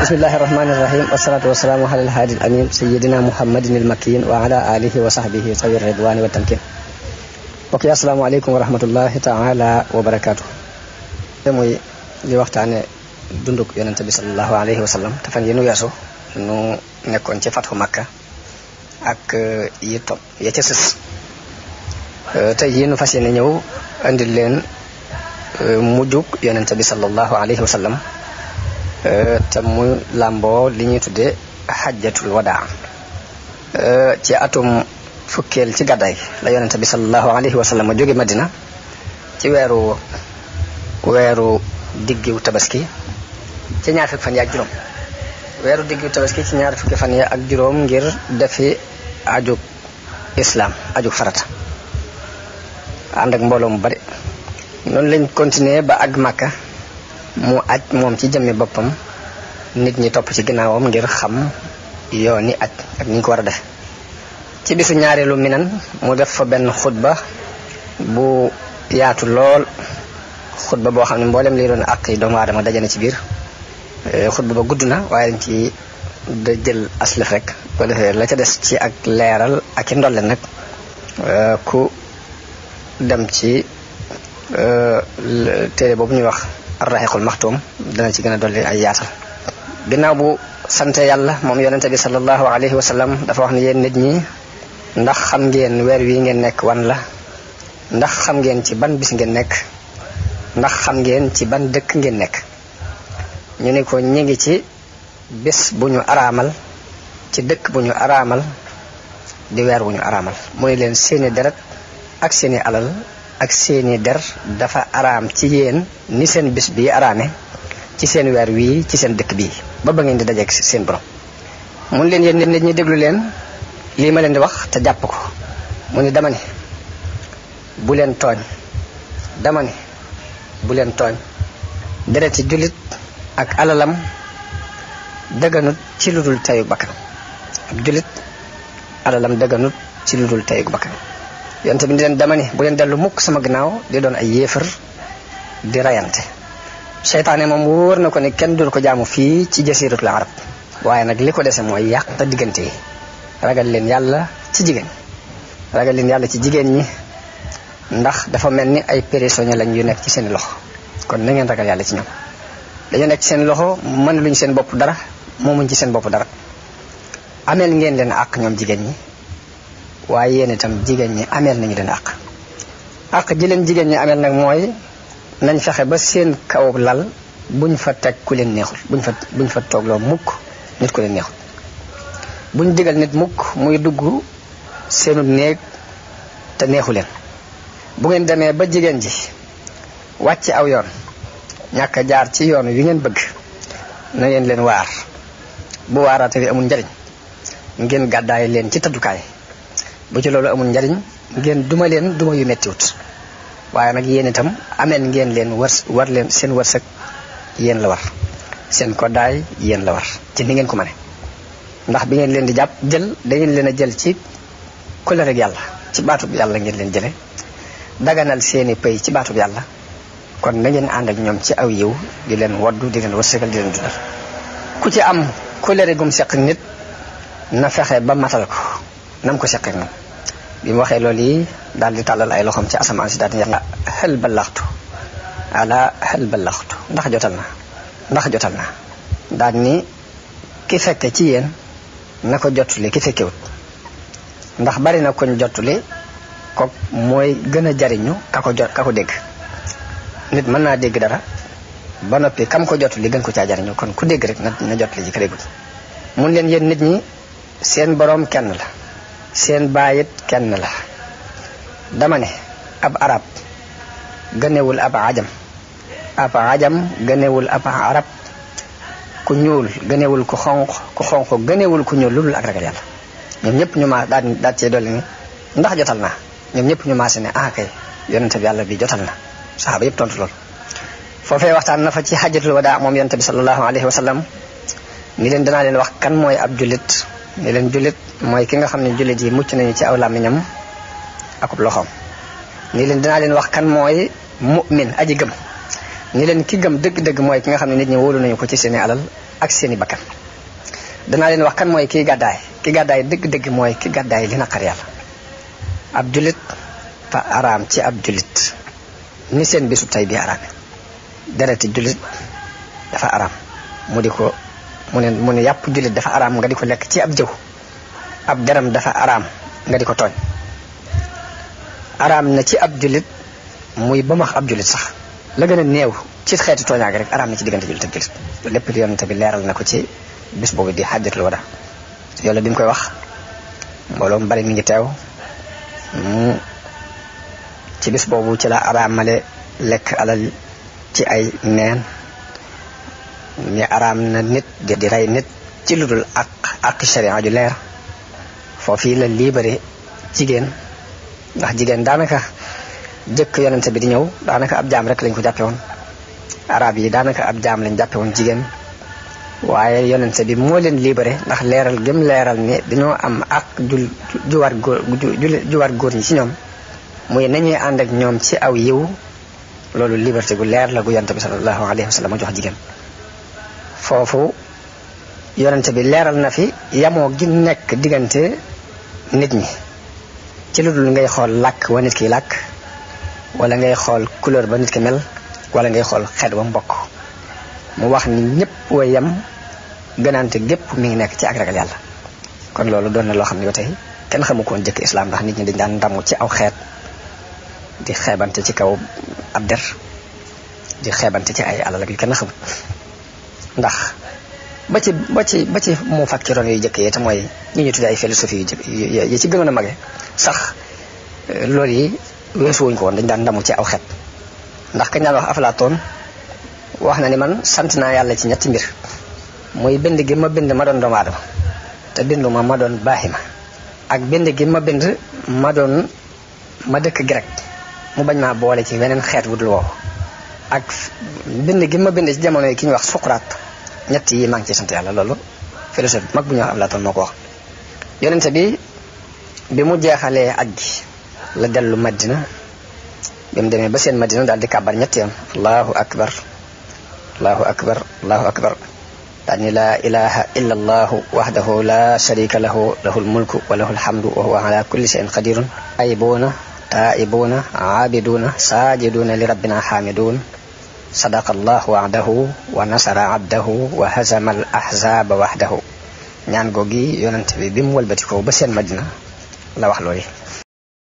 بسم الله الرحمن الرحيم والصلاة والسلام على الهادي الأمين سيدنا محمد المكين وعلى آله وصحبه طيب الرضوان والتمكين أوكي السلام عليكم ورحمة الله تعالى وبركاته يموي لي وقت دندق ينتبه صلى الله عليه وسلم تفن ياسو نو نكون فتح مكة أك يتم يتسس تي ينو أندلين مجوك ينتبه صلى الله عليه وسلم Euh, te mu làmboo li ñuy tuddee xajjatul wadaa euh, ci atum fukkeel ci gàddaay la yonente bi salallahu alayhi wa sallam jóge madina ci weeru weeru diggiw tabaski ci ñaar fukki fan yi weeru diggiw tabaski ci ñaar fukki fan ak juróom ngir defi ajug islaam ajug farata ànd ak mbooloo mu bari noonu lañ continuer ba ak màkka mu aj moom ci jëmmi boppam nit ñi topp ci ginnaawam ngir xam yooni aj ak ni ñu ko war a def ci bisu ñaareelu minan mu def fa benn xutba bu yaatu lool xutba boo xam ne mboolem li doon àq yi doomu aadama dajane ci biir eh, xutba ba gudd na waaye dañ ci da jël aslif rek la ca des ci ak leeral ak i ndolle nag eh, ku dem ci eh, téere boobu ñuy wax arraxiqul maxtuum dana ci gën a dolli ay yaatal ginnaaw bu sante yàlla moom yonente bi sallallahu alayhi wa sallam dafa wax ne yéen nit ñi ndax xam ngeen weer wi ngeen nekk wan la ndax xam ngeen ci ban bis ngeen nekk ndax xam ngeen ci ban dëkk ngeen nekk ñu ne ko ñu ngi ci bis bu ñu araamal ci dëkk bu ñu araamal di weer wu ñu araamal mu ne leen seeni deret ak seeni alal ak seeni der dafa araam ci yéen ni seen bis bi araame ci seen weer wii ci seen dëkk bi ba ba ngeen di dajeeg seen borom mun leen yéen nit ñi déglu leen lii ma leen di wax te jàpp ko mu ni dama ni bu leen tooñ dama ni bu leen tooñ julit ak alalam daganut ci ludul tayu bakkan ab julit alalam daganut ci ludul tayu bakkan yonte bi ni leen dama ni bu leen dellu mukk sama gannaaw di doon ay yéefar di rayante seytaane moom wóor na ko ne kenn dul ko jaamu fii ci jasiratul arab waaye nag li ko dese mooy yàq diggante yi ragal leen yàlla ci jigéen ragal leen yàlla ci jigéen ñi ndax dafa mel ni ay prisonnier lañ yu nekk ci seen loxo kon na ngeen ragal yàlla ci ñoom dañu nekk ci seen loxo mën seen bopp dara moomuñ ci seen bopp dara amel ngeen leen àq ñoom jigéen ñi waaye yéen itam jigéen ñi amel nañu leen àq àq ji leen jigéen ñi amel nag mooy nañ fexe ba seen kaw lal buñ fa teg ku leen neexul buñ fa buñ fa toogloo mukk nit ku leen neexul buñ digal nit mukk muy dugg seenu néeg te neexu leen bu ngeen demee ba jigéen ji wàcc aw yoon ñàkk jaar ci yoon wi ngeen bëgg na ngeen leen waar bu waaraate bi amul njariñ ngeen gàddaay leen ci taddukaay bu ci loolu amul njariñ ngeen duma leen duma yu mettiwut waaye nag yéen itam ameen ngeen leen war war leen seen wërsëg yéen la war seen koddaay yéen la war ci ni ngeen ko mane ndax bi ngeen leen di jàpp jël da leen a jël ci kóllëre yàlla ci baatub yàlla ngeen leen jële daganal seeni pay ci baatub yàlla kon na ngeen ànd ak ñoom ci aw yiw di leen woddu di leen wërsëgal di leen dundal ku ci am kóllëre gum seq nit na fexe ba matal ko nam ko seq moom bi mu waxee loolu yi daal di tàllal ay loxoom ci asamaan si daal di yàlla xel ba laxtu ala xel ba laxtu ndax jotal na ndax jotal na daal ni ki fekke ci yéen na ko jotuli ki fekkewut ndax bari na koñ jotuli kook mooy gën a jariñu ka ko jot ka ko dégg nit mën naa dégg dara ba noppi kam ko jot li gën ko caa jariñu kon ku dégg rek na na jot li ji ka déggut mun leen yéen nit ñi seen boroom kenn la seen baayit kenn la dama ne ab arab gënewul ab ajam ab ajam ganewul ab arab ku ñuul gënewul ku xonq ku xonq ganewul ku ñuul lu dul ak ragal yàlla ñoom ñëpp ñu ma daal daal cee dolli ni ndax jotal na ñoom ñëpp ñu maase ne ah kay yonente bi yàlla bi jotal na saxaaba yëpp tontu lool foofee waxtaan na fa ci xajatul wadaa moom yonente bi sallallahu alayhi wa ni leen danaa leen wax kan mooy ab jullit ne leen jullit mooy ki nga xam ne jullit yi mucc nañu ci aw làmmiñam akub loxoom ni leen danaa leen wax kan mooy mu'min aji gëm ni leen ki gëm dëgg-dëgg mooy ki nga xam ne nit ñi wóolu nañu ko ci seeni alal ak seeni bakkan danaa leen wax kan mooy kii gàddaay ki gàddaay dëgg-dëgg mooy ki gàddaay li naqar yàlla ab jullit fa araam ci ab jullit ni seen bisu tey bi araame dereti jullit dafa araam mu di ko mu ne mu ne yàpp jullit dafa araam nga di ko lekk ci ab jëw ab deram dafa araam nga di ko tooñ araam na ci ab jullit muy ba max ab jullit sax la gën a néew ci xeeti tooñaage rek araam na ci diggante jullit ak jullit lépp di yonent bi leeral na ko ci bis boobu di xajjatul wada yàlla bi mu koy wax mbooloo mu bari mi ngi teew mu hmm. ci bis boobu ci la araamale lekk alal ci ay neen ni araam na nit di rey nit ci lu dul ak ak sharia leer leer foofii la libéré jigéen ndax jigéen daanaka jëkk yonente bi di ñëw daanaka ab jaam rek lañ ko jàppe woon arab yi daanaka ab jaam lañ jàppe jigéen waaye yonente bi moo leen libéré ndax leeral gëm leeral ni dañoo am ak ju ju war góor góor ñi ci ñoom muy nañuy ànd ak ñoom ci aw yiw loolu liberté gu leer la gu yonente bi sallallahu alayhi wa sallam jox jigéen foofu yonent bi leeral na fi yamoo gi nekk diggante nit ñi ci lu dul ngay xool làkk wa nit ki làkk walla ngay xool couleur ba nit ki mel walla ngay xool xeet ba mbokk mu wax ni ñëpp way yem gënaante gépp mi ngi nekk ci ak ragal yàlla kon loolu doon na loo xam ne ba tey kenn xamu ko woon jëkk islam ndax nit ñi dañ daan ndamu ci aw xeet di xeebante ci kaw ab der di xeebante ci ay alal ak yu kenn xamut ndax ba ci ba ci ba ci mu fakkiron yu jëkk yi ya te mooy ñi ñu tuddee ay philosophie yu jëkk yi ci gënoon a mage sax euh, loolu yi weesu wuñ ko woon dañ daan ndamu ci aw xet ndax ka ñaan wax aflaatoon wax na ni man sant naa yàlla ci ñetti mbir muy bind gi ma bind ma doon doomu aadama te binduma ma doon baaxima ak bind gi ma bind ma doon ma dëkk grek mu bañ maa boole ci weneen xeet wudul woowu ak bind gi ma bind ci jamono yi ki ñuy wax Suqraat ñett yi maa ngi ciy sant yàlla loolu philosophe mag bu ñu wax Aflaatoon moo ko wax. yonente bi bi mu jeexalee aj gi la dellu Madina bi mu demee ba seen Madina daal di kàbbar ñett yoon allahu akbar allahu akbar allahu akbar daal ni laa ilaha illa allahu wahdahu la sharika lahu lahul mulku wa lahul hamdu wa huwa ala kulli shay'in qadirun ayibuna taibuna abiduna sajiduna li rabbina hamidun sadaqa allah wa'dahu wa nasara abdahu wa hazama al ahzaba wahdahu ñaan googi yonent bi bi mu walbatikoo ba seen madina la wax loolu